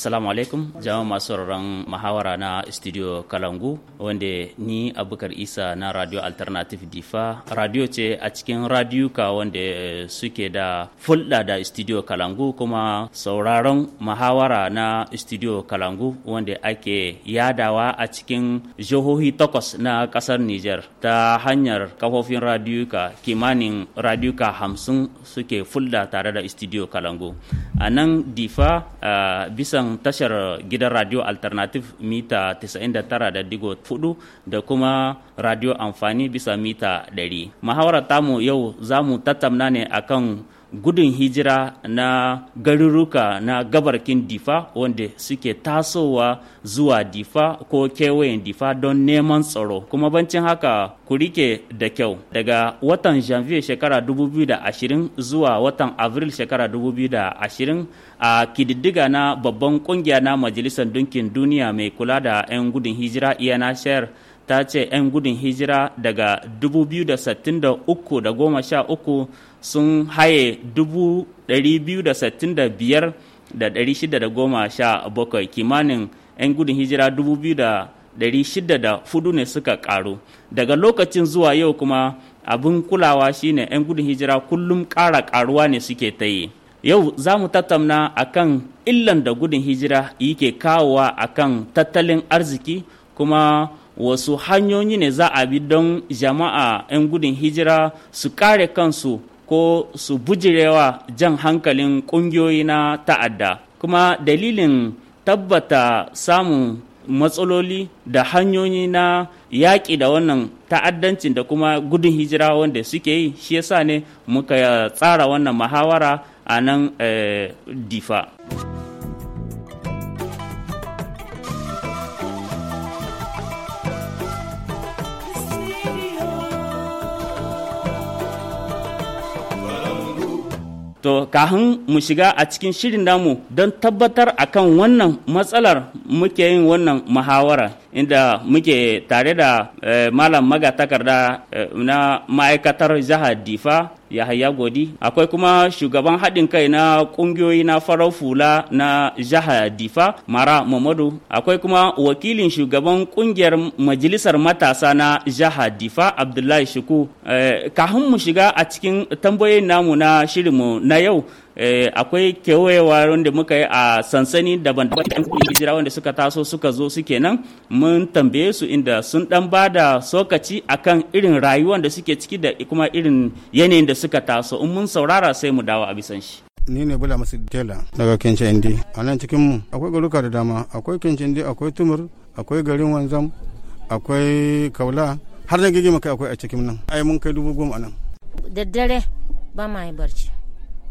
Assalamu alaikum jama'a masu sauraron mahawara na studio Kalangu wanda ni Abubakar Isa na Radio Alternative Difa radio ce a cikin radiyuka wanda suke da fulɗa da studio Kalangu kuma sauraron mahawara na studio Kalangu wanda ake yadawa a cikin jihohi takwas na ƙasar Nijar ta hanyar kafofin radiyuka kimanin radiyuka hamsin suke fulɗa tare da studio Kalangu. A nan Difa uh, bisan tashar gidan radio alternative mita 99.4 da kuma radio amfani bisa mita 100 muhawarar tamu yau za mu tattauna ne akan gudun hijira na garuruka na gabarkin difa wanda suke tasowa zuwa difa ko kewayen difa don neman tsaro kuma bancin haka ku rike da kyau daga watan janvier shekara 2020 zuwa watan avril shekara 2020 a kididdiga na babban kungiya na majalisar dunkin duniya mai kula da 'yan gudun hijira iyana e shayar ta ce 'yan gudun hijira daga 2063 da goma sha sun haye 265,617 kimanin 'yan gudun hijira 2,604 ne suka karu daga lokacin zuwa yau kuma abin kulawa shine 'yan gudun hijira kullum ƙara karuwa ne suke ta yi yau za mu tattauna akan illan da gudun hijira yake kawowa akan tattalin arziki kuma wasu hanyoyi ne za a bi don jama'a 'yan gudun hijira su kare kansu ko su bujirewa jan hankalin ƙungiyoyi na ta'adda kuma dalilin tabbata samun matsaloli da hanyoyi na yaƙi da wannan ta'addancin da kuma gudun hijira wanda suke yi shi yasa ne muka tsara wannan muhawara a nan eh, difa. To, kahan mu shiga a cikin shirin namu don tabbatar a kan wannan matsalar muke yin wannan muhawara inda muke tare da eh, malam magatakarda eh, na ma'aikatar jihar Difa yahaya godi akwai kuma shugaban haɗin kai na ƙungiyoyi na farar fula na jiha difa mara mamadu akwai kuma wakilin shugaban ƙungiyar majalisar matasa na jiha difa abdullahi shuku eh, mu shiga a cikin tambayoyin namu na shirinmu na yau Eh, akwai kewayewa wanda muka yi a sansani daban daban hijira wanda suka taso suka zo suke nan mun tambaye su inda sun dan ba da sokaci akan irin rayuwar da suke ciki da kuma irin yanayin da suka taso in mun saurara sai mu dawo a bisan shi ni ne bula masu tela daga indi. a nan cikin mu akwai garuka da dama akwai indi akwai tumur akwai garin wanzam akwai kaula har da gigi maka akwai a cikin nan ai mun kai dubu goma nan daddare ba ma yi barci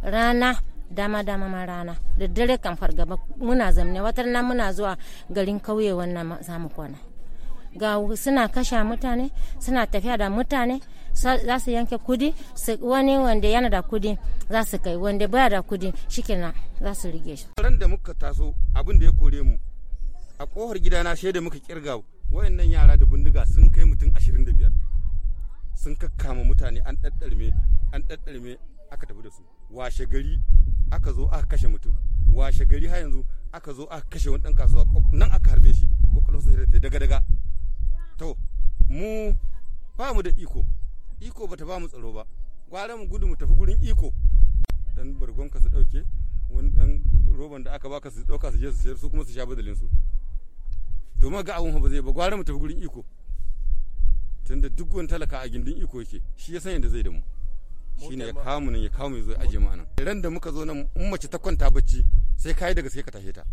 rana dama dama ma rana da dare kan fargaba muna zamne watar nan muna zuwa garin kauye wannan zamu kwana ga suna kasha mutane suna tafiya da mutane za su yanke kudi wani wanda yana da kudi za su kai wanda baya da kudi shikenan za su rige shi ran da muka taso abin da ya kore mu a kohar gidana shaida muka kirga wayannan yara da bindiga sun kai mutum 25 sun kakkama mutane an daddarme an daddarme aka tafi da su washe gari aka zo aka kashe mutum washe gari har yanzu aka zo aka kashe wani dan kasuwa nan aka harbe shi sai da daga daga to mu ba mu da iko iko bata ba mu tsaro ba gwara mu gudu mu tafi gurin iko dan bargon ka su dauke wani dan roban da aka baka su dauka su je su sayar su kuma su sha badalin su to ma ga abun ba zai ba gwara mu tafi gurin iko tunda duk wani talaka a gindin iko yake shi ya san yadda zai da mu shine ya kamun nan ya kawo mu zo aje mu anan ran da muka zo nan in mace ta kwanta bacci sai kai da gaske ka tashe ta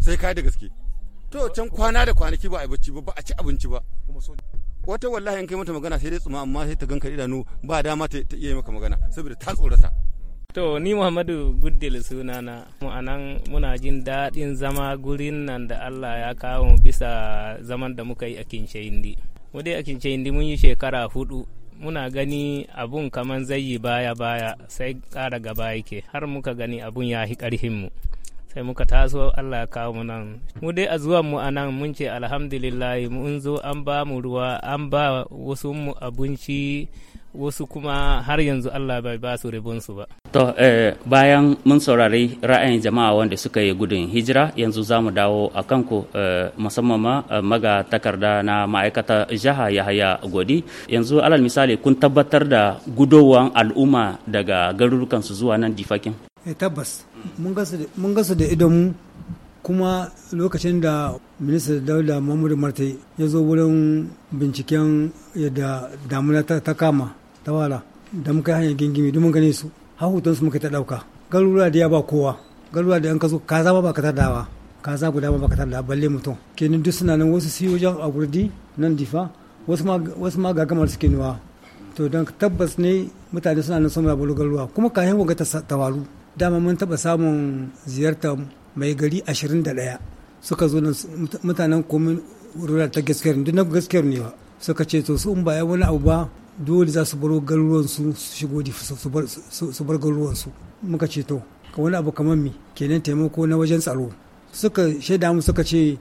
sai kai da gaske to can kwana da kwanaki ba a yi bacci ba ba a ci abinci ba wata wallahi in kai mata magana sai dai tsuma amma sai ta ganka idanu ba dama ta iya maka magana saboda ta tsorata To ni Muhammadu Guddil sunana mu anan muna jin daɗin zama gurin nan da Allah ya kawo mu bisa zaman da muka yi a Kinshe Indi. Mu dai a Kinshe Indi mun yi shekara hudu muna gani abun kaman zai yi baya-baya sai ƙara gaba yake har muka gani abun ya hi ƙarhinmu sai muka taso Allah ya kawo mu nan mu dai a zuwan mu anan mun ce alhamdulillah mun zo an ba mu ruwa an ba wasu mu abinci wasu kuma har yanzu Allah bai ba su ribunsu ba To, eh, bayan mun saurari ra'ayin jama'a wanda suka yi gudun hijira yanzu za mu dawo a kanku eh, musamman ma eh, maga takarda na ma'aikata jiha Yahaya Godi. Yanzu alal misali kun tabbatar da gudowan al'umma daga garurukansu zuwa nan difakin. e, eh, tabbas, mun gasu da idonmu kuma lokacin da minista dauda mahmudu martai ya zo wurin binciken yadda damuna ta kama ta wala da muka hanyar gingimi domin gane su hahutan su muka ta dauka garuruwa da ya ba kowa garuruwa da an ka zo kaza ma baka ka kaza guda ma baka dawa balle mutum kenan duk suna nan wasu siyo jan a gurdi nan difa wasu ma wasu ma gagamar suke nuwa to don tabbas ne mutane suna nan sun rabu garuruwa kuma kayan wanga ta tawaru dama mun taba samun ziyarta mai gari 21 suka zo nan mutanen komin rural ta gaskiyar duk na gaskiyar ne ba suka ce to su in ba ya wani abu ba dole za su baro garuruwansu su shigo su bar garuruwansu muka ce to ka wani abu kamar mi kenan taimako na wajen tsaro suka shaida mu suka ce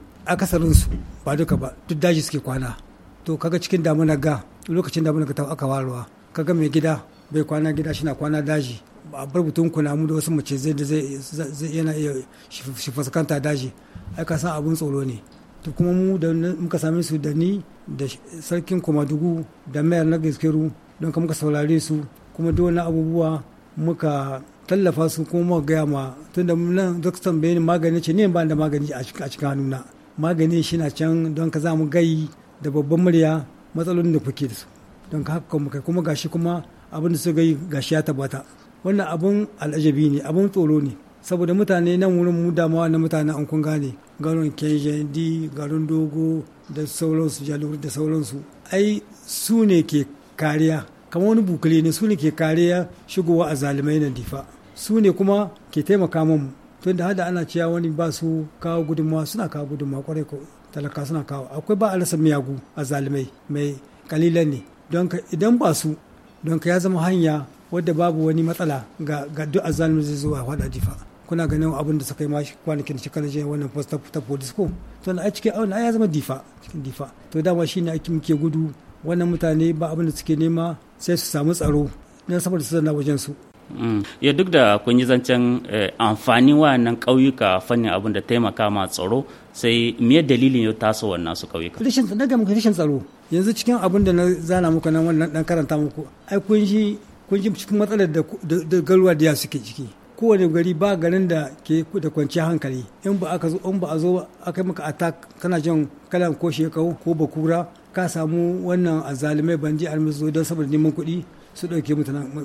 su ba duka ba duk daji suke kwana to kaga cikin damuna ga lokacin damuna ga ta aka warwa kaga mai gida bai kwana gida shi na kwana daji a bar mutum kuna mu da wasu mace zai da zai yana iya shi fuskanta daji ai ka san abun tsoro ne to kuma mu da muka sami su da ni da sarkin komadugu da mayar na gaskeru don ka muka saurare su kuma duk wani abubuwa muka tallafa su kuma muka gaya ma tun da nan duk tambaye ni magani ce ne ba da magani a cikin hannuna magani shi na can don ka za mu gai da babban murya matsalolin da kuke da su don ka haka kai kuma gashi kuma abin da su gai gashi ya tabbata wannan abun al'ajabi ne abun tsoro ne saboda mutane nan wurin mu damuwa na mutane an kun gane garin kenjendi garin dogo da sauransu jalur da sauransu ai su ne ke kariya kamar wani bukule ne su ne ke kariya shigowa a zalimai na difa su ne kuma ke taimaka mamu tun da hada ana cewa wani ba su kawo gudunmawa suna kawo gudunmawa kwarai ko talaka suna kawo akwai ba a miyagu a zalimai mai kalilan ne don ka idan ba su don ka ya zama hanya wadda babu wani matsala ga duk azalmi zai zuwa hada difa kuna ganin abin da suka yi ma kwanakin shekarar jiya wannan post ta police ko to na cikin awon ya zama difa cikin difa to dama shine ake muke gudu wannan mutane ba abin da suke nema sai su samu tsaro na saboda su zana wajen su mm. ya duk da kun yi zancen eh, amfani nan ƙauyuka fannin abin da taimaka ma tsaro sai me dalilin ya taso wannan su ƙauyuka rashin na ga muku rashin tsaro yanzu cikin abin da na zana muku nan wannan dan karanta muku ai kun ji kun ji cikin matsalar da garuwa da ya suke ciki kowane gari ba garin da ke da kwanciyar hankali in ba aka zo in ba a zo aka yi maka attack kana jin kalan ko shekau ko bakura ka samu wannan azalimai banji almisu don saboda neman kuɗi su ɗauke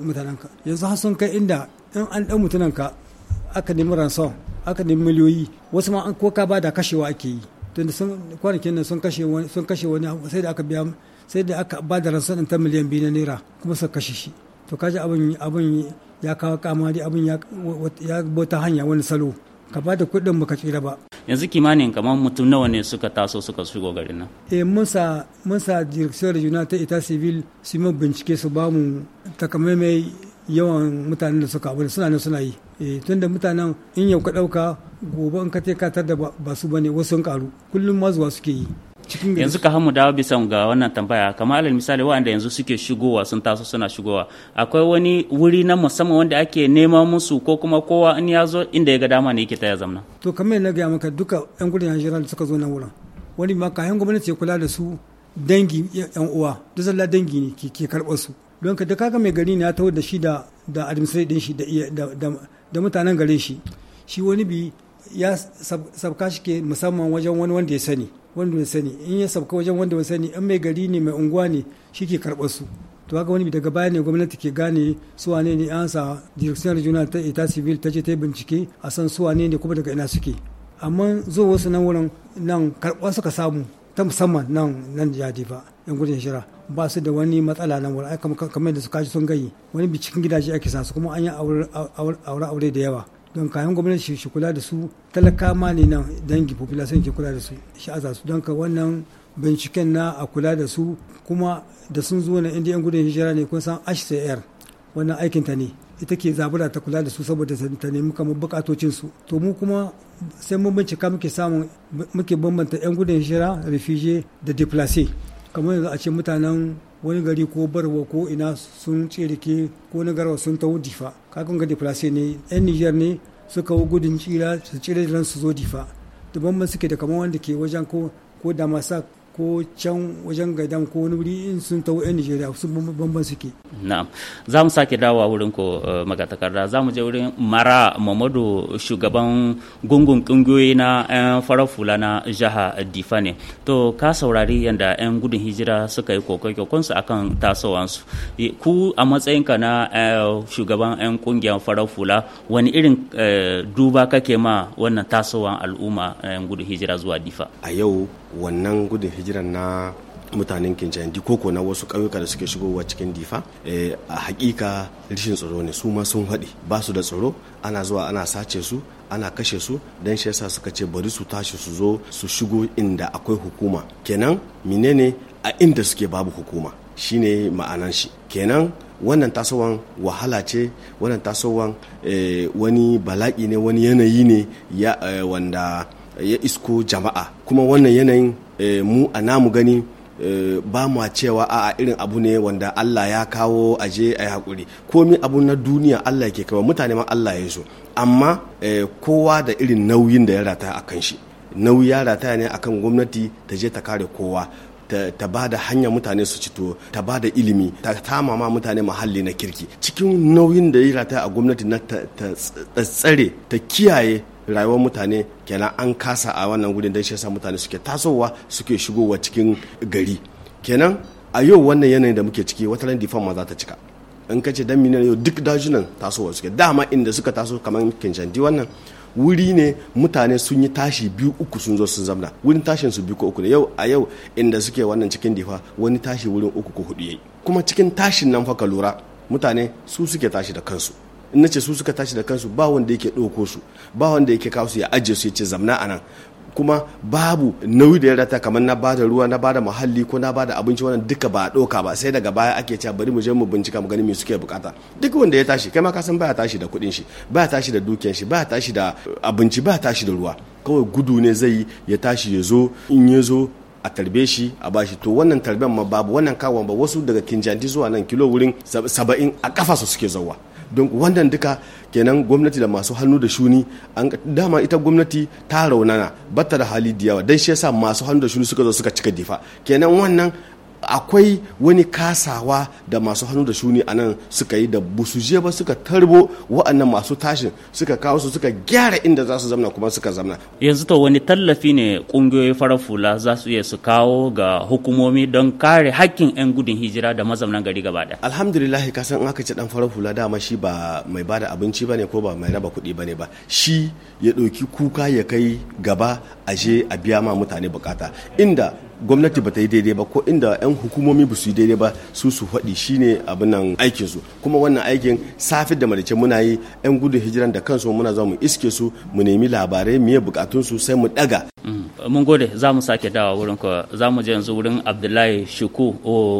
mutanenka yanzu har sun kai inda in an ɗan mutanenka aka nemi ransom aka nemi miliyoyi wasu ma an ko ka bada kashewa ake yi da sun kwanakin nan sun kashe wani sun kashe wani sai da aka biya sai da aka bada ransom ta miliyan biyu na naira kuma suka kashe shi to kaji abin abin ya kawo kamari abin ya bota hanya wani salo ka ba da kuɗin baka tsira ba yanzu kimanin kamar mutum nawa ne suka taso suka shigo garin nan eh mun sa mun sa direction regional ta ita civil su mu bincike su ba mu takamaimai yawan mutanen da suka abu suna nan suna yi eh tunda mutanen in yau ka ɗauka gobe in ka ka da ba su bane wasu sun karu kullum ma zuwa suke yi yanzu ka hamu dawo bisa ga wannan tambaya kamar alal misali waɗanda yanzu suke shigowa sun taso suna shigowa akwai wani wuri na musamman wanda ake neman musu ko kuma kowa in ya zo inda ya ga dama ne yake ta ya zamna to kamar na gaya maka duka yan gudun yan da suka zo na wurin wani ma yan gwamnati ya kula da su dangi yan uwa duk zalla dangi ne ke karɓar su don ka da kaga mai gari ne ya taho da shi da da administrator shi da mutanen gare shi shi wani bi ya sabka shi ke musamman wajen wani wanda ya sani wanda bai sani in ya sauka wajen wanda bai sani in mai gari ne mai unguwa ne shi ke karɓar su to haka wani daga baya ne gwamnati ke gane su wane ne an sa direction regional ta ita civil ta je ta bincike a san su wane ne kuma daga ina suke amma zo wasu nan wurin nan karɓar suka samu ta musamman nan nan jadi ba yan gudun shira ba su da wani matsala nan wurin kamar da su kaji sun gayi wani bincikin gidaje ake sa su kuma an yi aure aure da yawa don kayan gwamnati shi kula da su talaka ma ne nan dangi population ke kula da su shi aza su don ka wannan binciken na a kula da su kuma da sun zo na indiyan gudun hijira ne kun san hcr wannan aikin ta ne ita ke zabura ta kula da su saboda ta nemi kamar bukatocin su to mu kuma sai mun bincika muke samun muke bambanta yan gudun hijira refugee da deplace kamar yanzu a ce mutanen wani gari ko barwa ko ina sun tsirike ko na garwa sun tawo difa kakan ga deplace ne yan nijar ne suka wu gudun tsira su tsira da su zo difa daban suke da kamar wanda ke wajen ko ko da ko can wajen gadan ko wani wuri in sun tawo 'yan nigeria sun bambam suke na'am za mu sake dawowa wurin ko eh, takarda za mu je wurin mara mamadu shugaban gungun kungiyoyi na 'yan farar fula na jiha difa ne to ka saurari yadda 'yan gudun hijira suka yi kokon a akan tasowansu eh, ku a matsayin ka na eh, shugaban 'yan kungiyar farar fula wani irin duba kake ma wannan tasowan al'umma 'yan gudun hijira zuwa difa a yau wannan gudun hijirar na mutanen kincandi koko na wasu ƙauyuka da suke shigowa cikin difa eh, a hakika rishin tsaro ne su ma sun haɗe ba su da tsaro ana zuwa ana sace su ana kashe su don shi yasa suka ce bari su tashi su zo su shigo inda akwai hukuma kenan menene a inda suke babu hukuma shine ma'anan shi kenan wannan tasowan wahala ce wannan tasowan eh, wani bala'i ne wani yanayi ne eh, wanda ya isko jama'a kuma wannan yanayin eh, mu a namu gani eh, ba mu cewa a irin abu ne wanda Allah ya kawo aje a yi haƙuri komi abu na duniya Allah ke kawo mutane ma Allah ya so amma eh, kowa da irin nauyin da ya rata a kan shi nauyi ya rata ne akan gwamnati ta je ta kare kowa ta ba da hanyar mutane su cito ta ba da ilimi ta tama ma mutane muhalli na kirki cikin nauyin da ya rata a gwamnati na ta tsare ta kiyaye rayuwar mutane kenan an kasa a wannan gudun don shi yasa mutane suke tasowa suke shigowa cikin gari kenan a yau wannan yanayin da muke ciki wata ran difan ma za ta cika in ka ce dan miliyan yau duk dajunan tasowa suke dama inda suka taso kamar kinshanti wannan wuri ne mutane sun yi tashi biyu uku sun zo sun zamna wurin tashin su biyu ko uku ne yau a yau inda suke wannan cikin difa wani tashi wurin uku ko hudu yayi kuma cikin tashin nan fa ka lura mutane su suke tashi da kansu in nace su suka tashi da kansu ba wanda yake ɗauko su ba wanda yake kawo su ya ajiye su ya ce zamna a nan kuma babu nauyi da ya rata kamar na bada ruwa na bada muhalli ko na bada abinci wannan duka ba a ɗauka ba sai daga baya ake cewa bari mu je mu bincika mu gani me suke bukata duk wanda ya tashi kai ma ka san baya tashi da kuɗin shi baya tashi da dukiyar shi baya tashi da abinci baya tashi da ruwa kawai gudu ne zai yi ya tashi ya zo in ya zo a tarbe shi a bashi to wannan tarben ma babu wannan kawon ba wasu daga kinjanti zuwa nan kilo wurin saba'in a kafa su suke zauwa don wannan duka kenan gwamnati da masu hannu da shuni an dama ita gwamnati ta raunana batta da hali da yawa don shi yasa masu hannu da shuni suka zo suka cika difa kenan wannan akwai wani kasawa da masu hannu da shuni a nan suka yi da busuje ba suka tarbo wa'annan masu tashin suka kawo su suka gyara inda za su zamna kuma suka zamna yanzu to wani tallafi ne kungiyoyi farar fula za su iya su kawo ga hukumomi don kare hakkin 'yan gudun hijira da mazaunan gari gaba ɗaya alhamdulillah ka san aka ce dan farar hula dama shi ba mai bada abinci bane ko ba mai raba kuɗi bane ba shi ya ɗauki kuka ya kai gaba aje a biya ma mutane bukata inda gwamnati ba ta yi daidai ba ko inda 'yan hukumomi ba su yi daidai ba su su faɗi shine ne abinan aikinsu kuma wannan aikin safi da malice muna yi 'yan gudun hijiran da kansu muna za mu iske su mu nemi labarai miye bukatun sai mu daga mm, mun gode za mu sake dawa wurin ka za mu je yanzu wurin abdullahi shuku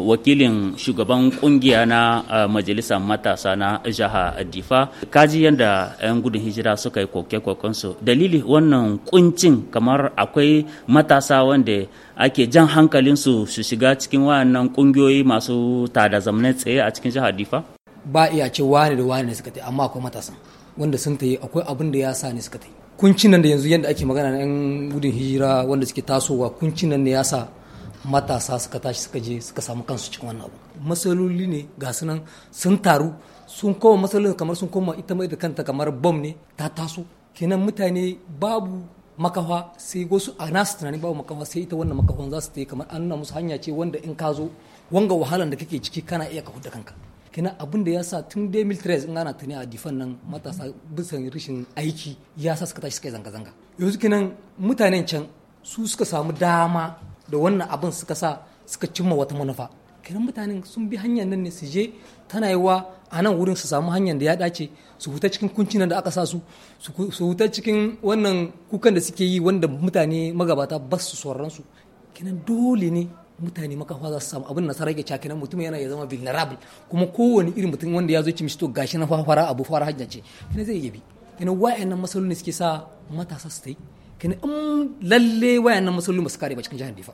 wakilin shugaban kungiya na majalisar matasa na jiha difa kaji yadda 'yan gudun hijira suka yi koke-kokensu dalili wannan kuncin kamar akwai matasa wanda ake jan hankalinsu su shiga cikin wannan kungiyoyi masu tada zamanin tsaye a cikin jihar difa ba iya ce wane da wane ne suka ta amma akwai matasan wanda sun ta yi akwai abin da ya sa ne suka yi kuncin nan da yanzu yadda ake magana na yan gudun hijira wanda suke tasowa kuncin nan ne ya sa matasa suka tashi suka je suka samu kansu cikin wannan abu matsaloli ne ga su nan sun taru sun koma matsalolin kamar sun koma ita mai da kanta kamar bom ne ta taso kenan mutane babu makafa sai wasu a nasu tunanin babu makafa sai ita wannan makafan za su ta kamar an musu hanya ce wanda in ka zo wanga wahalan da kake ciki kana iya ka da kanka kina abin da ya sa tun 2013 in ana tuni a difan nan matasa bisan rashin aiki ya sa suka tashi suka yi zanga-zanga yanzu kinan mutanen can su suka samu dama da wannan abin suka sa suka cimma wata manufa kinan mutanen sun bi hanyar nan ne su je tana yiwa a nan wurin su samu hanyar da ya dace su huta cikin kuncinan da aka sa su su huta cikin wannan kukan da suke yi wanda mutane magabata ba su sauran su kenan dole ne mutane makafa za su samu abin nasara rage cakinan mutum yana ya zama vulnerable kuma kowane irin mutum wanda ya zo ci to gashi na fara abu fara hajja ce kenan zai yabi kenan wayannan masalolin suke sa matasa su ta yi in lalle wayannan masalolin ba su kare ba cikin jihar difa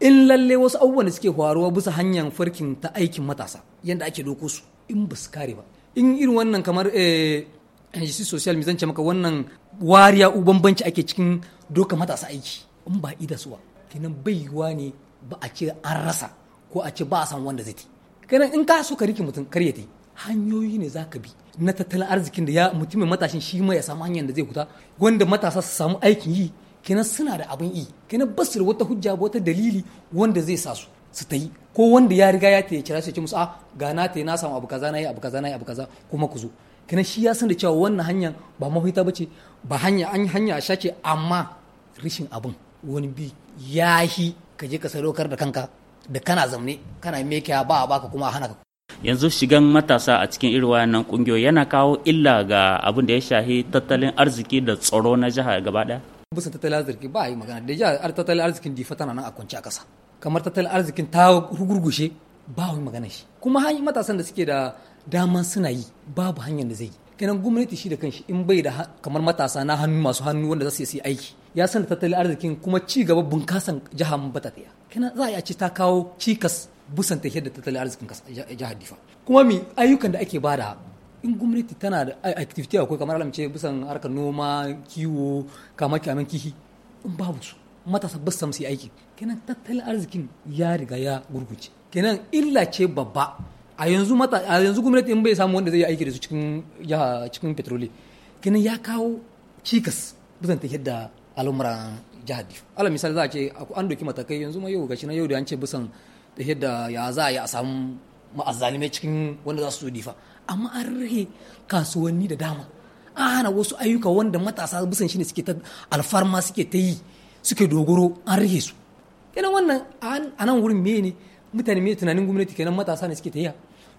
in lalle wasu abubuwan da suke faruwa bisa hanyar farkin ta aikin matasa yadda ake doko su in ba su kare ba in irin wannan kamar eh, NGC social mi zance maka wannan wariya ubambanci ake cikin doka matasa aiki in ba ida suwa kenan bai yiwa ne ba a ce an rasa ko a ce ba a san wanda zai ta kenan in ka so ka rike mutum kar ya hanyoyi ne za ka bi na tattalin arzikin da ya mutumin matashin shi ma ya samu hanyar da zai kuta wanda matasa su samu aikin yi kina suna da abin yi kina basu da wata hujja wata dalili wanda zai sa su su ta yi ko wanda ya riga ya ta kira ce musu a ah, ga na ta na samu abu kaza na yi abu kaza na yi abu kaza kuma ku zo kina shi ya san da cewa wannan hanyar ba mafita ba ce ba hanya an hanya a shace amma rishin abin wani bi ya hi ka je ka sadaukar da kanka da kana zamne kana mekiya ba a baka kuma a hana ka yanzu shigan matasa a cikin irin wayannan kungiyoyi yana kawo illa ga abin da ya shahi tattalin arziki da tsaro na jiha gaba daya bisa tattalin arziki ba a yi magana da jihar tattalin arzikin difa tana nan a kwanci a ƙasa kamar tattalin arzikin ta rugurgushe ba yi magana shi kuma hanyar matasan da suke da dama suna yi babu hanyar da zai yi kenan gwamnati shi da kanshi in bai da kamar matasa na hannu masu hannu wanda za su yi aiki ya san tattalin arzikin kuma ci gaba bunkasan jihar bata tsaya kenan za a a ce ta kawo cikas busan tafiyar da tattalin arzikin jihar difa kuma mi ayyukan da ake bada in gwamnati tana da activity akwai kamar alam ce bisan harkar noma kiwo kama kyamen kihi in babu su matasa ba su yi aiki kenan tattalin arzikin ya riga ya gurguce kenan illa ce babba a yanzu mata a yanzu gwamnati in bai samu wanda zai yi aiki da su cikin ya cikin petroli kenan ya kawo cikas bisan ta yadda al'umma jihar biyu misali za a ce an doki matakai yanzu ma yau gashi na yau da an ce bisan ta yadda ya za a yi a samu ma'azzalimai cikin wanda za su zo difa amma an rihe kasuwanni da dama an hana wasu ayyuka wanda matasa bisan shi suke ta alfarma suke ta yi suke dogoro an rahe su kenan wannan a nan wurin me ne mutane me tunanin gwamnati kenan matasa ne suke ta yi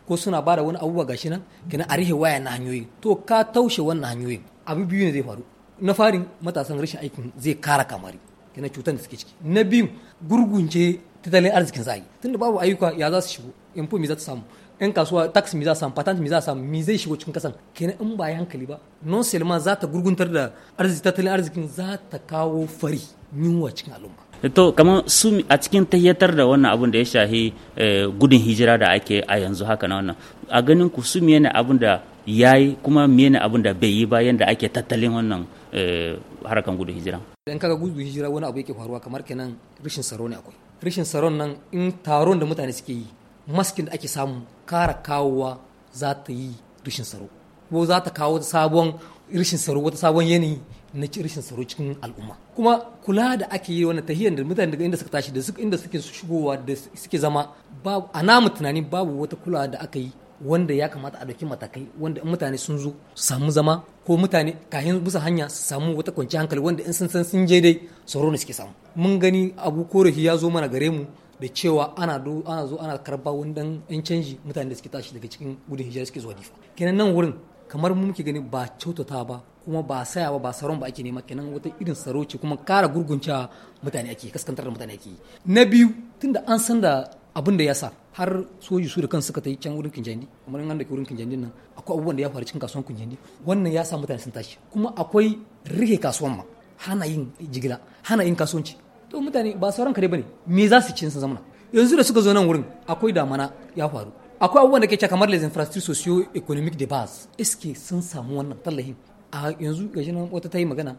ko suna ba da wani abubuwa gashi nan kenan a rihe waya na hanyoyin to ka taushe wannan hanyoyin abu biyu ne zai faru na farin matasan rashin aikin zai kara kamari kenan cutar da suke ciki na biyu gurgunce tattalin arzikin zai tunda babu ayyuka ya za su shigo yan me za ta samu 'yan kasuwa tax mi za samu patent mi za samu mi zai shigo cikin kasan kenan in ba hankali ba non seulement za ta gurguntar da arziki tattalin arzikin za ta kawo fari yunwa cikin al'umma eh, to kamar su a cikin tayyatar da wannan abun da ya shahi eh, gudun hijira da ake a yanzu haka na wannan a ganin ku su mene abun da ya yi kuma mene abun da bai yi ba yanda ake tattalin wannan eh, harkan gudun hijira idan kaga gudun hijira wani abu yake faruwa kamar kenan rashin tsaro ne akwai rashin tsaron nan in taron da mutane suke yi maskin da ake samu kara kawowa za ta yi rishin tsaro ko za ta kawo sabon rishin tsaro wata sabon yanayi na rishin tsaro cikin al'umma kuma kula da ake yi wannan tahiyar da mutane daga inda suka tashi da inda suke shigowa da suke zama babu a namu tunani babu wata kula da aka yi wanda ya kamata a dauki matakai wanda in mutane sun zo su samu zama ko mutane kayan bisa hanya su samu wata kwanciyar hankali wanda in sun san sun je dai tsaro ne suke samu mun gani abu korafi ya zo mana gare mu da cewa ana do ana zo ana karba wani dan yan canji mutane da suke tashi daga cikin gudun hijira suke zuwa difa kenan nan wurin kamar mu muke gani ba kyautata ba kuma ba saya ba ba saron ba ake nema kenan wata irin saro ce kuma kara gurgunta mutane ake kaskantar da mutane ake na biyu tunda an san da abin da ya sa har soji su da kan suka yi can wurin kinjandi kamar an da wurin kinjandi nan akwai abubuwan da ya faru cikin kasuwan kinjandi wannan ya sa mutane sun tashi kuma akwai rike kasuwan ma hana yin jigila hana yin kasuwanci to mutane ba sauran kare bane me za su ci zamana yanzu da suka zo nan wurin akwai damana ya faru akwai abubuwan da ke kamar les infrastructures socio economic de base iske sun samu wannan tallahin a yanzu ga shi wata ta yi magana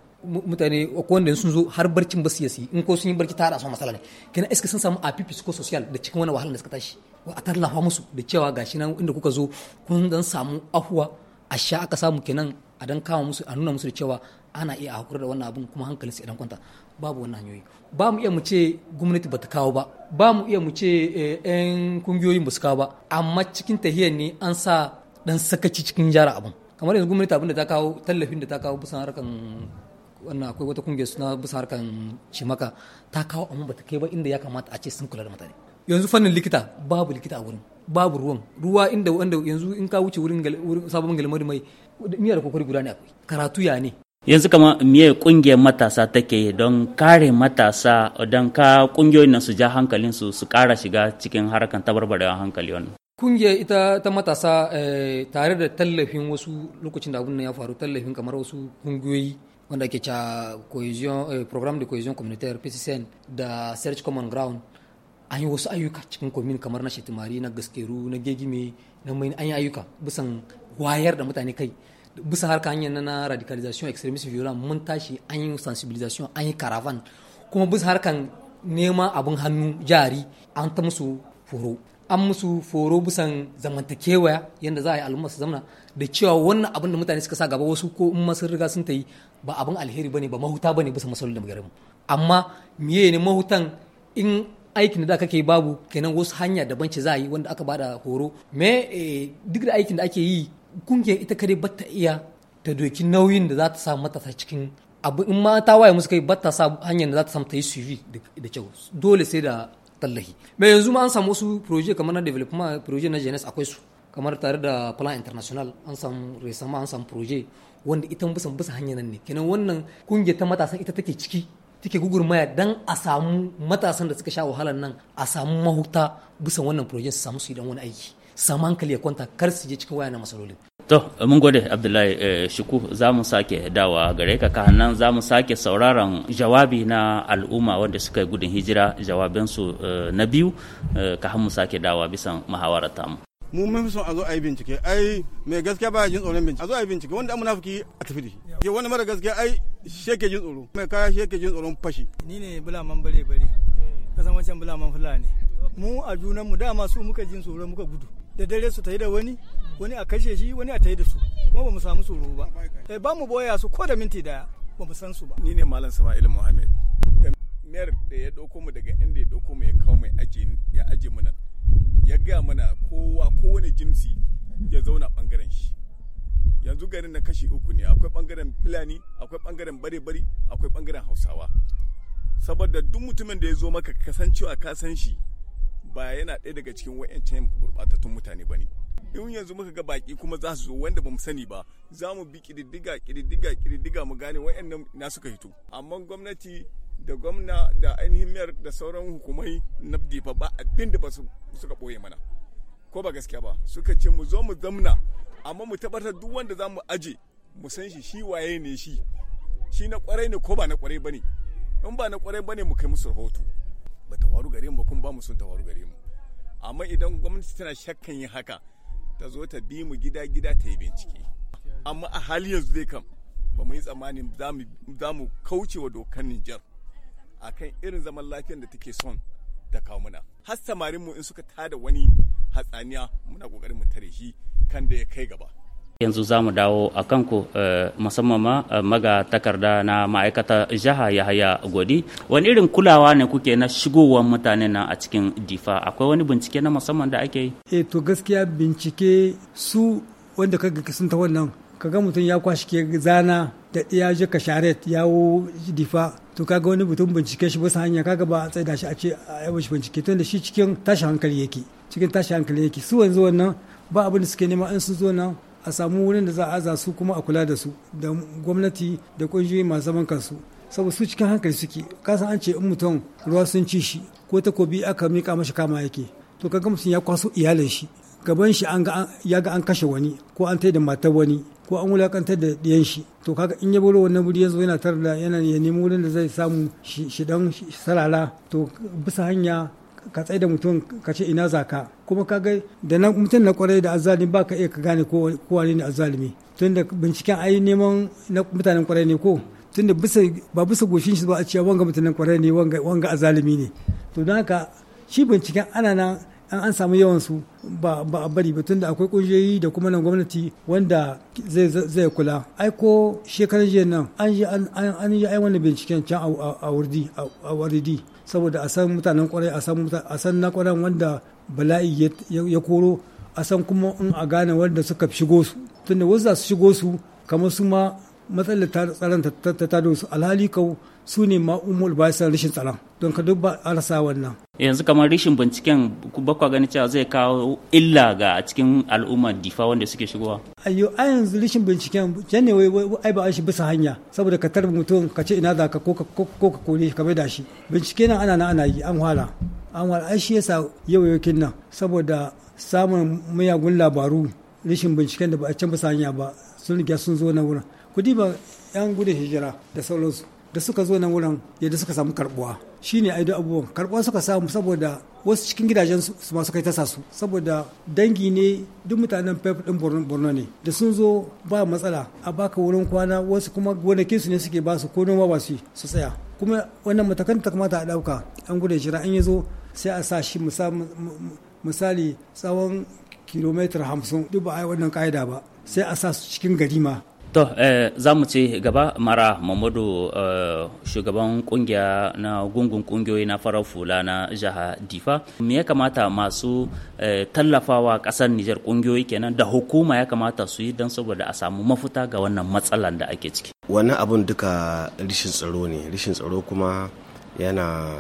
mutane ko wanda sun zo har barcin ba su yi in ko sun yi barci ta a sama matsala ne kenan iske sun samu api social da cikin wani wahalar da suka tashi wa a tallafa musu da cewa shi nan inda kuka zo kun dan samu ahuwa a sha aka samu kenan a dan kama musu a nuna musu da cewa ana iya hakuri da wannan abun kuma hankali su idan kwanta babu wannan hanyoyi ba mu iya mu ce gwamnati bata kawo ba ba mu iya mu ce 'yan eh, kungiyoyin ba su kawo ba amma cikin tahiyar ne an sa dan sakaci cikin jara abin kamar yanzu gwamnati abin da ta kawo tallafin da ta kawo bisa harkan wannan akwai wata kungiyar suna bisa harkan cimaka ta kawo amma bata kai ba inda ya kamata a ce sun kula da mutane yanzu fannin likita babu likita a wurin babu ruwan ruwa inda wanda yanzu in ka wuce wurin sabon galmar mai miyar kokari guda ne akwai karatu ya ne yanzu kama miye kungiyar matasa take don kare matasa don ka kungiyoyin nan su ja hankalin su su kara shiga cikin harkan tabarbarewa hankali wannan kungiyar ita ta matasa eh, tare da tallafin wasu lokacin da abun ya faru tallafin kamar wasu kungiyoyi wanda ke cha cohesion eh, program de cohesion communautaire PCCN da search common ground an yi wasu ayyuka cikin komin kamar na shetumari na gaskeru na gegime na mai an yi ayyuka bisan wayar da mutane kai bisa harka hanyar na radicalization extremist violent mun tashi an yi sensibilisation an yi caravan kuma bisa harkan neman abin hannu jari an ta musu foro an musu foro bisan zamantakewa yadda za a yi al'umma su zamana da cewa wannan abin da mutane suka sa gaba wasu ko in masu riga sun ta yi ba abin alheri bane ba mahuta bane bisa masalolin da mu amma miye ne mahutan in aikin da aka kake babu kenan wasu hanya daban ce za a yi wanda aka bada horo me eh, duk da aikin da ake yi kungiyar ita kadai ba ta iya ta doki nauyin da za ta samu matasa cikin abu in ma ta waye musu kai ba ta sa hanyar da za ta samu ta yi da kyau dole sai da tallahi mai yanzu ma an samu wasu proje kamar na development proje na jenes akwai su kamar tare da plan international an samu resama an samu proje wanda ita bisa bisa hanyar nan ne kenan wannan kungiyar ta matasan ita take ciki take gugurmaya dan a samu matasan da suka sha wahalar nan a samu mahuta bisa wannan proje su samu su yi dan wani aiki samu hankali ya kwanta kar su je cikin wayannan masalolin to mun gode abdullahi eh, shuku za mu sake dawa gare ka kan nan za mu sake sauraron jawabi na al'umma wanda suka yi gudun hijira jawabinsu eh, na biyu eh, ka mu sake dawa bisan muhawarar ta mu mun son a zo a yi bincike ai mai gaskiya ba jin tsoron bincike a zo a yi bincike wanda an munafiki a tafi da shi ke wanda mara gaskiya ai sheke jin tsoro mai kaya sheke jin tsoron fashi ni ne bulaman bare bare kasan wancan bulaman fulani mu a junanmu mu dama su muka jin tsoro muka gudu da dare su tayi da wani wani a kashe shi wani a tayi da su kuma ba mu samu tsoro ba eh ba boya su ko da minti daya ba mu san su ba ni ne malam Sama'il Muhammad mayor da ya dauko mu daga inda ya dauko mu ya kawo aji ya aje mu ya ga mana kowa kowane jinsi ya zauna bangaren shi yanzu garin na kashi uku ne akwai bangaren fulani akwai bangaren bare-bari akwai bangaren hausawa saboda duk mutumin da ya zo maka kasancewa ka san shi ba yana ɗaya daga cikin wa'ancan gurɓatattun mutane ba ne in yanzu muka ga baki kuma za su zo wanda ba mu sani ba za mu bi ƙididdiga ƙididdiga ƙididdiga mu gane wa'annan na suka hito amma gwamnati da gwamna da ainihin miyar da sauran hukumai na difa ba abin da ba suka ɓoye mana ko ba gaskiya ba suka ce mu zo mu zamna amma mu tabbatar duk wanda za mu aje mu san shi shi waye ne shi shi na kwarai ne ko ba na kwarai ba ne in ba na kwarai ba ne mu kai musu rahoto ba ta waru gare mu ba kun ba mu sun ta waru gare mu amma idan gwamnati tana shakkan yin haka ta zo ta bi mu gida gida ta yi bincike amma a hali yanzu zai kam ba mu yi tsammanin za mu kauce wa dokar Nijar akan irin zaman lafiyar da take son ta kawo muna har samarin mu in suka tada wani hatsaniya muna kokarin mu tare shi kan da ya kai gaba yanzu za mu dawo a kanku eh, musamman ma eh, maga takarda na ma'aikata jiha yahaya godi wani irin kulawa ne kuke na shigowar mutane na a cikin difa akwai wani bincike na musamman da ake yi e to gaskiya bincike su wanda kaga sun ta wannan kaga mutum ya kwashi ke zana da ya je ka sharet yawo difa to kaga wani mutum bincike shi bisa hanya kaga ba a tsaida shi a ce a yawan bincike to da shi cikin tashi hankali yake cikin tashi hankali yake su wanzu wannan ba abin da suke nema in sun zo nan a samu wurin da za a aza su kuma a kula da su da gwamnati da kungiyoyi masu zaman kansu saboda su cikin hankali suke kasan an ce in mutum ruwa sun ci shi ko takobi aka mika mashi kama yake to kaga mutum ya kwaso iyalin shi gaban shi ya ga an kashe wani ko an taida matar wani ko an wulakantar da diyan shi to kaga in ya baro wannan wuri yanzu yana tar da yana ya nemi wurin da zai samu shi dan sarara to bisa hanya ka tsaye da mutum ka ce ina zaka kuma ka ga da nan mutum na kwarai da azalimi ba ka iya ka gane ko wane ne azzalimi tunda binciken ayi neman na mutanen kwarai ne ko tunda bisa ba bisa goshin shi ba a cewa wanga mutanen kwarai ne wanga wanga azalimi ne to don haka shi binciken ana nan an an samu yawan su ba ba a bari ba tunda akwai kungiyoyi da kuma nan gwamnati wanda zai zai kula ai ko shekaran jiya nan an yi an yi ai wannan binciken can a wurdi a wurdi saboda a san mutanen kwarai a san na kwarai wanda bala'i ya koro a san kuma in a gane wanda suka shigo su tunda wasu za su shigo su kamar su ma matsalar tsaron ta tado su alhali kau su ne ma umul san rashin tsaron don ka duk ba rasa wannan yanzu kamar rishin binciken bakwa gani cewa zai kawo illa ga cikin al'umma difa wanda suke shigowa ayyo a yanzu rishin binciken jane wai ai ba a shi bisa hanya saboda ka tarbi mutum ka ce ina za ka ko ka kone ka bai da shi bincike nan ana na ana yi an hala an hala ai shi yasa yau yakin nan saboda samun miyagun labaru rishin binciken da ba a can bisa hanya ba sun riga sun zo na wurin kudi ba yan gudun hijira da sauransu da suka zo na wurin yadda suka samu karbuwa shi ne aido abubuwan karɓuwa suka samu saboda wasu cikin gidajen su masu kai tasa su saboda dangi ne duk mutanen pep ɗin borno ne da sun zo ba matsala a baka wurin kwana wasu kuma gonakin su ne suke ba su ko noma ba su su tsaya kuma wannan matakan ta kamata a dauka an gudun jira an yi zo sai a sa shi misali tsawon kilomita hamsin duk ba a yi wannan ka'ida ba sai a sa su cikin gari ma To, eh, za mu ce gaba mara Mamadu eh, shugaban kungiya na gungun kungiyoyi na farar fula na jiha Difa. Me ya kamata masu eh, tallafawa kasar Nijar kungiyoyi kenan da hukuma ya kamata su yi don saboda a samu mafuta ga wannan matsalan da ake ciki. Wani abun duka rishin tsaro ne, rishin tsaro kuma yana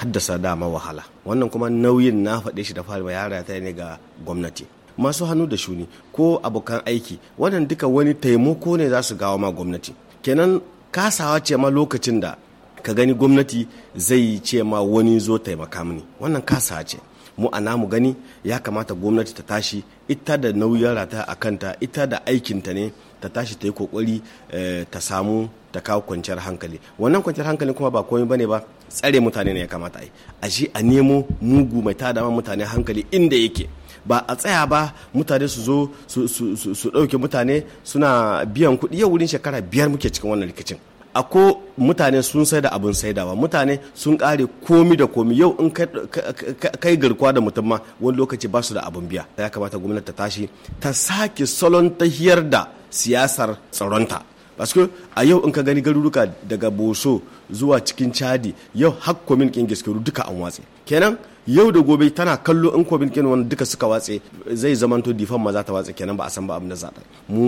haddasa dama wahala. Wannan kuma nauyin na faɗe shi da fari ya ne ga gwamnati. masu hannu da shuni ko abokan aiki wannan duka wani taimako ne za su gawa ma gwamnati kenan kasawa ce ma lokacin da ka gani gwamnati zai ce ma wani zo taimaka mini wannan kasawa ce mu a namu gani ya kamata gwamnati ta tashi ita da nauyin rata a kanta ita da aikinta ne ta tashi ta yi kokari eh, ta samu ta kawo kwanciyar hankali wannan kwanciyar hankali kuma ba komai bane ba tsare mutane ne ya kamata a yi a a nemo mugu mai tada mutane hankali inda yake ba a tsaya ba mutane su zo su ɗauke mutane suna biyan kuɗi yau wurin shekara biyar muke cikin wannan rikicin a ko mutane sun sai da abin saidawa mutane sun kare komi da komi yau in kai garkuwa da mutum ma wani lokaci ba su da abin biya ya kamata gwamnati ta tashi ta sake salon tahiyar da siyasar tsaronta paske a yau in ka gani garuruka daga boso zuwa cikin chadi yau har komin kingis duka an watse kenan yau da gobe tana kallo in kwabin kin wanda duka suka watse zai zamanto difan ma za ta watse kenan ba a san ba abin da za ta mu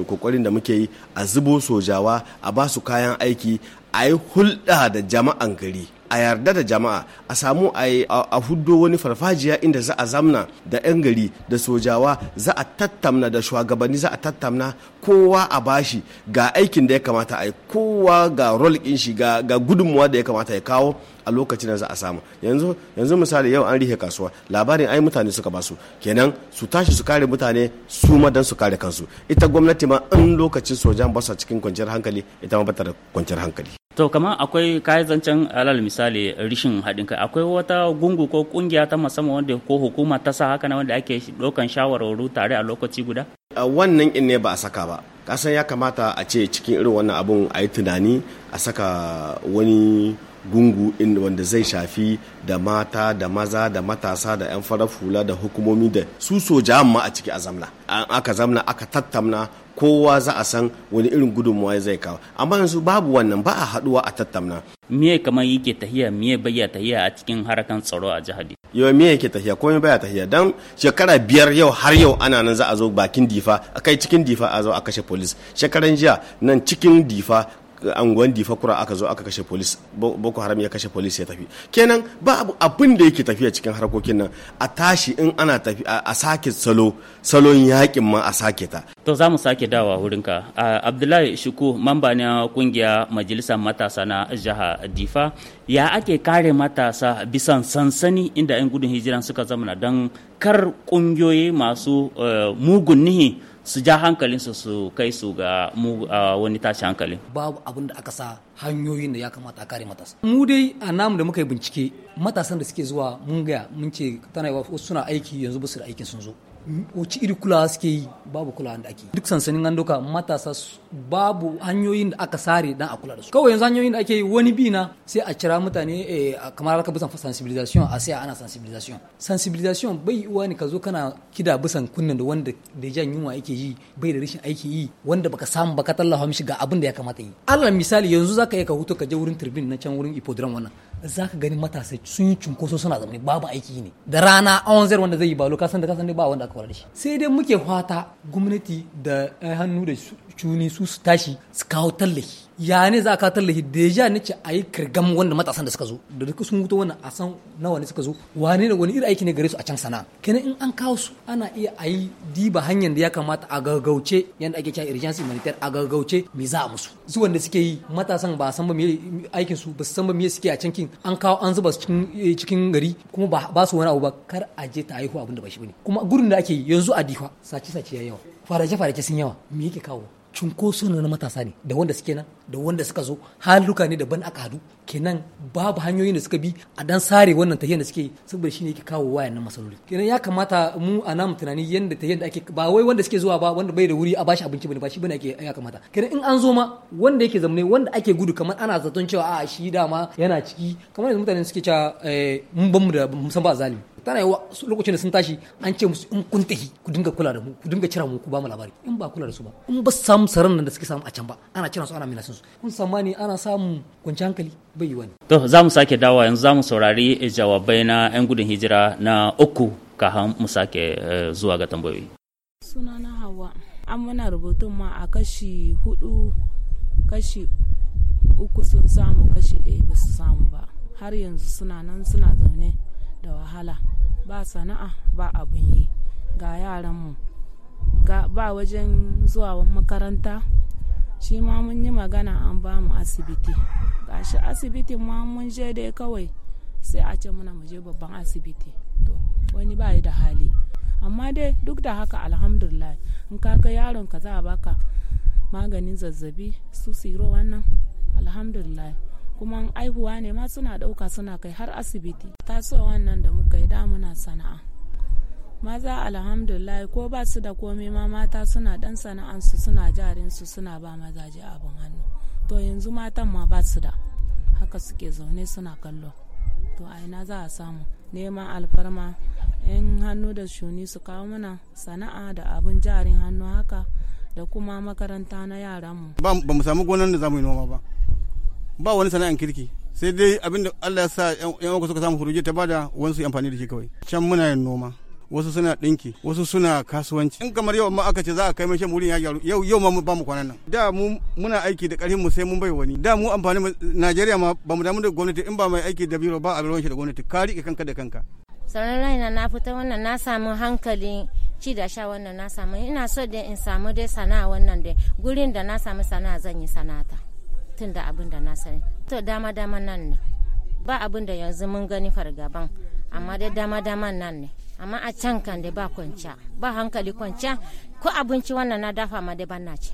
eh, kokarin da muke yi a zubo sojawa a ba su kayan aiki a yi hulɗa da jama'an gari a yarda da jama'a a samu a huddo wani farfajiya inda za a zamna da 'yan gari da sojawa za a tattamna da shugabanni za a tattamna kowa a bashi ga aikin da ya kamata a yi kowa ga rol shi ga gudunmuwa da ya kamata ya kawo a lokacin da za a samu yanzu misali yau an rihe kasuwa labarin ai mutane suka basu kenan su tashi su kare mutane su ma dan su kare kansu ita gwamnati ma in lokacin sojan basa su cikin kwanciyar hankali ita ma ba da kwanciyar hankali To kamar akwai kayan zancen alal misali rishin haɗin kai akwai wata gungu ko kungiya ta musamman wanda ko hukuma ta sa haka na wanda ake ɗaukan shawarwaru tare a lokaci guda? wannan in ne ba a saka ba. Kasan ya kamata a ce cikin irin wannan abun a yi tunani a saka wani gungu inda wanda zai shafi da mata da maza da matasa da 'yan farar hula da hukumomi da su soja ma a ciki a zamna an aka zamna aka tattamna kowa za a san wani irin gudunmawa zai kawo amma yanzu babu wannan ba a haduwa a tattamna miye kamar yake tahiya miye bayya tahiya a cikin harakan tsaro a jihar yau miye yake tahiya komai baya tahiya dan shekara biyar yau har yau ana nan za a zo bakin difa a kai cikin difa a zo a kashe polis shekaran jiya nan cikin difa anguwan fakura aka zo aka kashe polis boko haram ya kashe polis ya tafi kenan ba abin da yake tafiya cikin harkokin nan a tashi in ana tafi a sake salo salon yakin ma a sake ta to za mu sake dawa hurinka abdullahi shiku mamba ne kungiya majalisar matasa na jiha difa ya ake kare matasa bisan sansani inda 'yan gudun hijira suka zamana don kar kungiyoyi masu eh, mugun nihi su ja hankalinsu su kai su ga mu a wani tashi hankalin. Babu abin da aka sa hanyoyin da ya kamata a kare matasa. Mu dai a namu da muka yi bincike matasan da suke zuwa mun gaya mun ce tana yawa suna aiki yanzu ba su da aikin sun zo. wace iri kulawa suke yi babu kulawa da ake duk sansanin an doka matasa babu hanyoyin da aka sare dan a kula da su kawai yanzu hanyoyin da ake yi wani bi na sai a kira mutane eh, a kamar aka bisan sensibilisation a sai ana sensibilisation sensibilisation bai uwa ne ka zo kana kida bisan kunnen da wanda da jan yunwa yake yi bai da rashin aiki yi wanda baka samu baka tallafa mishi ga abin da ya kamata yi alal misali yanzu zaka iya ka hutu ka je wurin turbin na can wurin ipodram wannan za ka gani matasa sun yi cunkoso suna zaune babu aiki ne da rana awon zai wanda zai yi balo kasan da kasan ba wanda aka da shi sai dai muke fata gwamnati da hannu da cuni su su tashi su kawo tallafi ya ne za a katar lahi deja na ce a yi kirgam wanda matasan da suka zo da duka sun mutu wannan a san nawa ne suka zo wane ne wani irin aiki ne gare su a can sana kenan in an kawo su ana iya a yi diba hanyar da ya kamata a gaggauce yadda ake cewa urgence humanitaire a gaggauce me za a musu su da suke yi matasan ba san ba me aikin su ba san ba me suke a can kin an kawo an zuba cikin eh, cikin gari kuma ba su wani abu ba kar a je ta haihu abin da ba shi bane kuma gudun da ake yi yanzu a difa sace sace yayi yawa farace farace sun yawa me yake kawo cunkoso na matasa ne da wanda suke nan da wanda suka zo haluka ne daban aka hadu kenan babu hanyoyin da suka bi a dan sare wannan tahiyar da suke saboda shine yake kawo wayan nan masaloli kenan ya kamata mu a namu tunani yanda tahiyar da ake ba wai wanda suke zuwa ba wanda bai da wuri a bashi abinci bane ba shi bane ake ya kamata kenan in an zo ma wanda yake zamne wanda ake gudu kamar ana zaton cewa a shi dama yana ciki kamar yanzu mutane suke cewa eh, mun ban mu da musan ba zalimi tana yawa lokacin da sun tashi an ce musu in kun tahi ku dinga kula da mu ku dinga cira mu ku ba mu labari in ba kula da su ba in ba samu saran nan da suke samu a can ba ana cira su ana minasin su kun samani ana samun kwanciyar hankali bai yi wani. to za mu sake dawa yanzu za mu saurari jawabai na 'yan gudun hijira na uku kahan mu sake eh, zuwa ga tambayoyi. sunana hawa an muna rubutun ma a kashi hudu kashi uku sun samu kashi ɗaya ba su samu ba har yanzu suna nan suna zaune da wahala ba sana'a ba abun yi ga yaranmu ba wajen zuwa makaranta shi ma mun yi magana an ba mu asibiti shi asibitin ma mun je dai kawai sai a ce muna mu je babban asibiti to wani ba yi da hali amma dai duk da haka alhamdulillah in ka ga yaron ka za a baka maganin zazzabi su siro wannan alhamdulillah kuma aihuwa ne ma suna ɗauka suna kai har asibiti tasowa wannan da muka yi damuna muna sana'a maza alhamdulillah ko ba su da komai ma mata suna dan sana'ansu suna jarinsu suna ba mazaje abin hannu to yanzu matan ma ba su da haka suke zaune suna kallo to a ina za a samu neman alfarma yan hannu da shuni su kawo mana sana'a da abin jarin hannu haka da kuma makaranta na yaranmu ba mu samu gonar da za mu yi noma ba ba wani sana'an kirki sai dai abin da Allah ya sa yan uku suka samu huruje ta bada wani su amfani da shi kawai can muna yin noma wasu suna dinki wasu suna kasuwanci in kamar yau ma aka ce za a kai mai shan wurin ya gyaru yau yau ma ba mu kwanan nan da mu muna aiki da ƙarfin mu sai mun bai wani da mu amfani Najeriya ma ba mu damu da gwamnati in ba mai aiki da biro ba a ruwan shi da gwamnati ka rike kanka da kanka sauran raina na fita wannan na samu hankali ci da sha wannan na samu ina so da in samu dai sana'a wannan dai gurin da na samu sana'a zan yi sana'a tun da abin da na sani to dama dama nan ne ba abin da yanzu mun gani fargaban amma dai dama dama nan ne amma a can kan da ba kwanciya ba hankali kwanciya ko abinci wannan na dafa ma dai ban na ci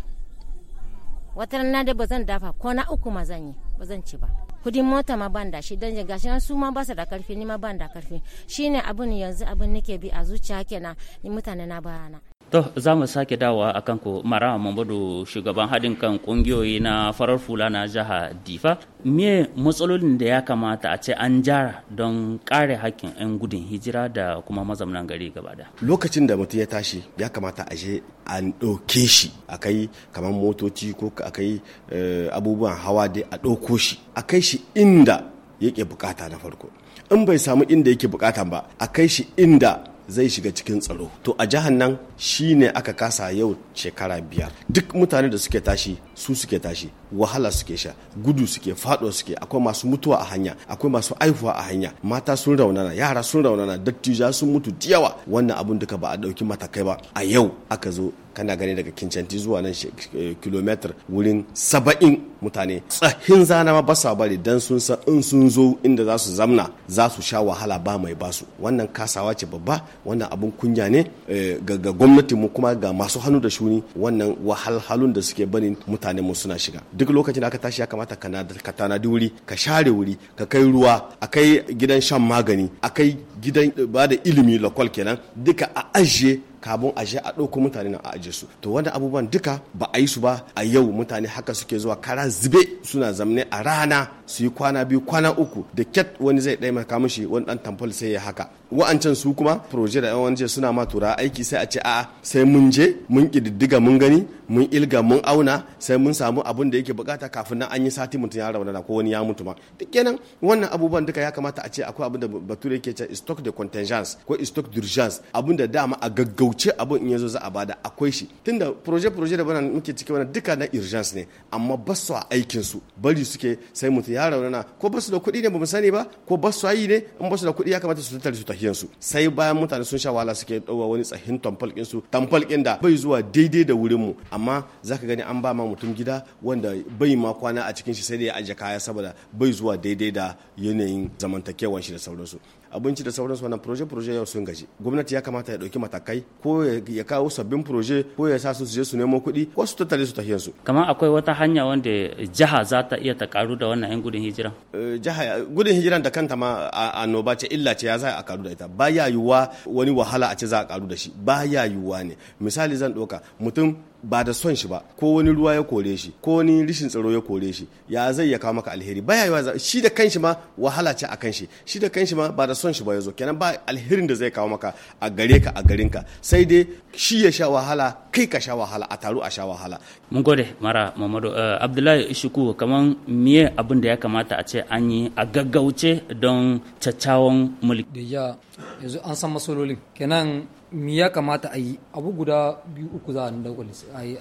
wata na dai ba zan dafa ko na uku ma zan yi ba zan ci ba kudin mota ma ban shi dan ga shi su ma ba su da karfi ni ma ban da karfi shine abin yanzu abin nake bi a zuciya kenan mutane na bayana To za mu sake dawa a kanku Marama Mamadu shugaban haɗin kan ƙungiyoyi na farar fula na jiha Difa. Me matsalolin da ya kamata a ce an jara don kare hakkin 'yan gudun hijira da kuma mazamnan gari gaba da. Lokacin da mutum ya tashi ya kamata a je an ɗauke shi a kai kamar motoci ko a kai eh, abubuwan hawa dai a ɗauko shi a kai shi inda yake bukata na farko. In bai samu inda yake bukata ba a kai shi inda zai shiga cikin tsaro to a jihar nan shi ne aka kasa yau shekara biyar duk mutane da suke tashi su suke tashi wahala suke sha gudu suke fado suke akwai masu mutuwa a hanya akwai masu aihuwa a hanya mata sun raunana yara sun raunana dattija sun mutu diyawa wannan abun duka ba a ɗauki matakai ba a yau aka zo kana gani daga kincanti zuwa nan eh, kilometer wurin saba'in mutane tsahin zana ma basa bari dan sun san in sun zo inda za su zamna za su sha wahala ba mai basu wannan kasawa ce babba wannan abun kunya ne eh, ga gwamnati mu kuma ga masu hannu da shuni wannan wahalhalun da suke barin mutane mu suna shiga duk lokacin da aka tashi ya kamata ka tana tanadi wuri ka share wuri ka kai ruwa akai gidan shan magani akai gidan eh, ba da ilimi lokal kenan duka a ajiye kabun aje a ɗauko mutane na a aje su to wanda abubuwan duka ba a yi su ba a yau mutane haka suke zuwa kara zube suna zamne a rana su yi kwana biyu kwana uku da ket wani zai ɗaya maka mishi wani ɗan tamfol sai ya haka wa'ancan su kuma proje da yan wanje suna ma tura aiki sai a ce a sai mun je mun kididdiga mun gani mun ilga mun auna sai mun samu abin da yake bukata kafin nan an yi sati mutum ya raunana ko wani ya mutu ma duk kenan wannan abubuwan duka ya kamata a ce akwai abin da bature yake ce stock de contingence ko stock d'urgence abin da dama a gaggauce abin in yazo za a bada akwai shi tunda proje proje da bana muke cike wannan duka na urgence ne amma ba su a aikin su bari suke sai mutum ya raunana ko ba su da kuɗi ne ba mu sani ba ko ba su yi ne in ba su da kuɗi ya kamata su tattara su ta tahiyansu sai bayan mutane sun sha wahala suke dauwa wani tsahin tamfalkin su tamfalkin da bai zuwa daidai da wurin mu amma zaka gani an ba ma mutum gida wanda bai ma kwana a cikin shi sai dai ya aje kaya saboda bai zuwa daidai da yanayin zamantakewar shi da sauransu abinci da sauransu wannan proje proje yau sun gaji gwamnati ya kamata ya dauki matakai ko ya kawo sabbin proje ko ya sa su je su nemo kuɗi ko su tattare su tafiyan su kamar akwai wata hanya wanda jiha za ta iya ta karu da wannan yan gudun hijira eh, jiha gudun hijiran da kanta ma annoba ce illa ce ya za a karu da ita ba ya yiwuwa wani wahala a ce za a karu da shi ba ya yiwuwa ne misali zan doka mutum ba da son shi ba ko wani ruwa ya kore shi ko wani rishin tsaro ya kore shi ya zai ya kawo maka alheri baya yawa shi da kanshi ma wahala ce a kanshi shi da kanshi ma ba da son shi ba ya zo kenan ba alherin da zai kawo maka a gare ka a garin ka sai dai shi ya sha wahala kai ka sha wahala a taru a sha wahala mun gode mara mamadu eh, abdullahi ishiku kaman miye abin da ya kamata a ce an yi a gaggauce don caccawon mulki da ya yanzu an san masololin kenan me ya kamata a yi abu guda biyu uku za a dauka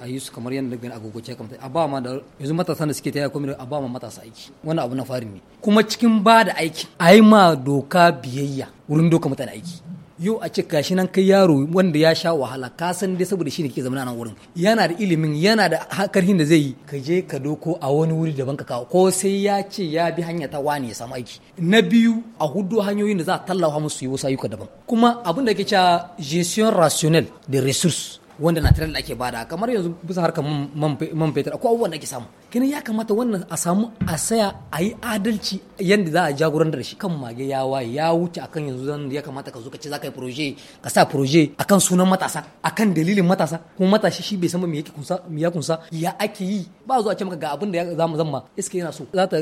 a yi su kamar yadda gani agogo ce kamata a ba ma da yanzu matasa da suke taya komai a ba ma matasa aiki wani abu na fari ne kuma cikin ba da aiki a yi ma doka biyayya wurin doka mutane aiki yau a ce gashi nan kai yaro wanda ya sha wahala ka san dai saboda shi ne ke zama nan wurin yana da ilimin yana da karhin da zai yi ka je ka doko a wani wuri daban ka kawo ko sai ya ce ya bi hanya ta wani ya samu aiki na biyu a hudu hanyoyin da za a tallafa musu yi wasu ayyuka daban kuma abin da ke cewa gestion rationnel de ressources wanda na da ake bada kamar yanzu bisa harkar man fetur akwai abubuwan da ake samu kenan ya kamata wannan a samu a saya a yi adalci yadda za a jagorantar da shi kan mage ya waye ya wuce akan yanzu zan ya kamata ka zo ka ce za ka yi proje ka sa proje akan sunan matasa akan dalilin matasa kuma matashi shi bai san me yake kunsa me ya kunsa ya ake yi ba zo a ce maka ga abin da za mu zamma iske yana so za ta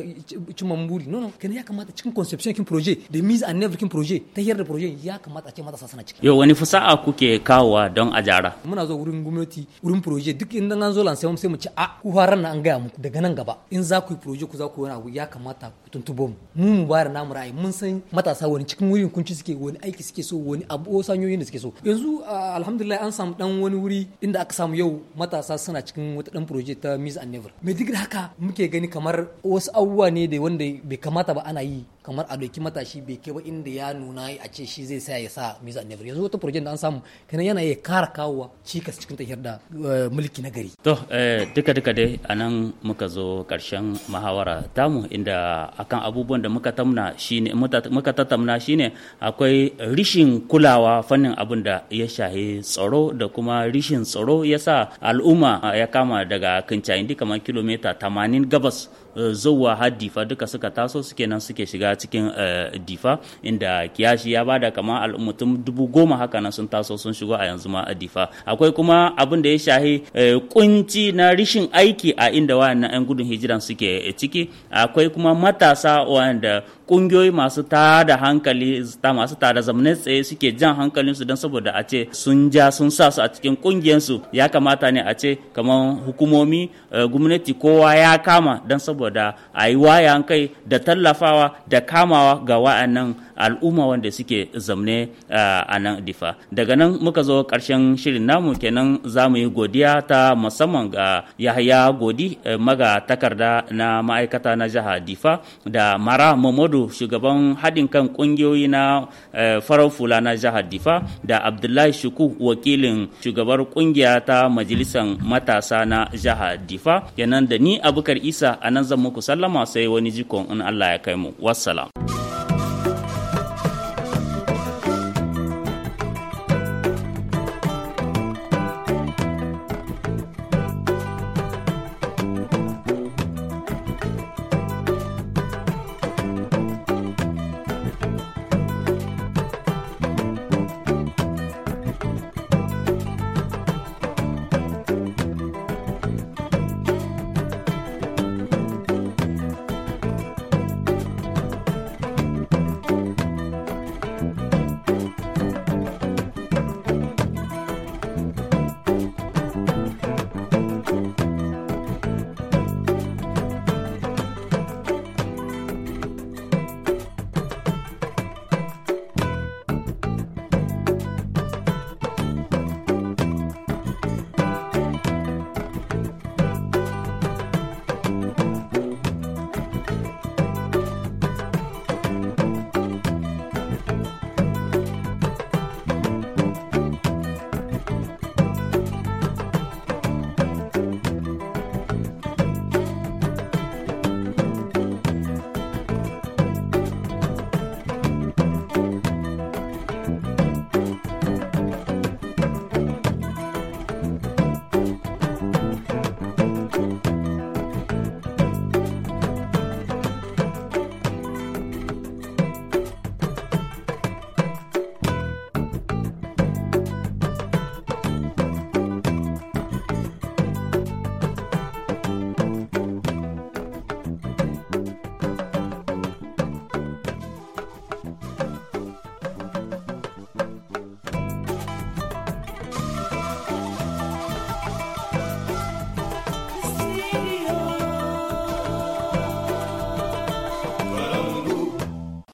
cimma buri no no kenan ya kamata cikin conception kin proje da mise and every kin proje ta yarda da proje ya kamata a ce matasa suna ciki yo wani fusa'a kuke kawowa don a jara muna zo wurin gwamnati wurin proje duk inda an zo lan sai mu ce a ah, ku faran na an ga muku daga nan gaba in za ku yi proje ku za ku wani abu ya kamata ku tuntubo mu mu mu bayar namu ra'ayi mun san matasa wani cikin wurin kunci suke wani aiki suke so wani abu sanyoyin da suke so yanzu alhamdulillah an samu dan wani wuri inda aka samu yau matasa suna cikin wata dan proje ta Miss and Never me duk haka muke gani kamar wasu abubuwa ne da wanda bai kamata ba ana yi kamar a doki matashi bai kai ba inda ya nuna a ce shi zai sa ya sa miza annabar yanzu wata projen da an samu kana yana ya kara kawowa cikas cikin tahiyar da eh, mulki na gari to eh, duka duka dai anan muka zo karshen muhawara tamu inda akan abubuwan da muka tamna shine muka tattauna shine akwai rishin kulawa fannin abun da ya shahi tsaro da kuma rishin tsaro sa al'umma eh, ya kama daga kincayin kamar kilomita 80 gabas Eh, zuwa har difa duka suka taso suke nan suke shiga cikin eh, difa inda kiyashi ya bada kama al'ummutum dubu goma haka nan sun taso sun shigo a yanzu ma a difa akwai kuma abin da ya shahi eh, kunci na rishin aiki a inda wayannan 'yan gudun hijiran suke ciki akwai kuma matasa wanda kungiyoyi masu tada hankali ta masu tada zamanin tsaye suke jan hankalin su don saboda a ce sun ja sun sa su a cikin kungiyarsu ya kamata ne a ce kamar hukumomi eh, gwamnati kowa ya kama don saboda a yi wayan kai da tallafawa da kamawa ga wa'annan al'umma wanda suke zamne a nan difa daga nan muka zo karshen shirin namu kenan za mu yi godiya ta musamman ga yahaya godi eh, maga takarda na ma'aikata na jiha difa da mara mamadu shugaban haɗin kan ƙungiyoyi na eh, farar fula na jihar difa da abdullahi shuku wakilin shugabar ƙungiya ta majalisar matasa na jihar difa kenan da ni abubakar isa a nan zan muku sallama sai wani jikon in allah ya kai mu wassalam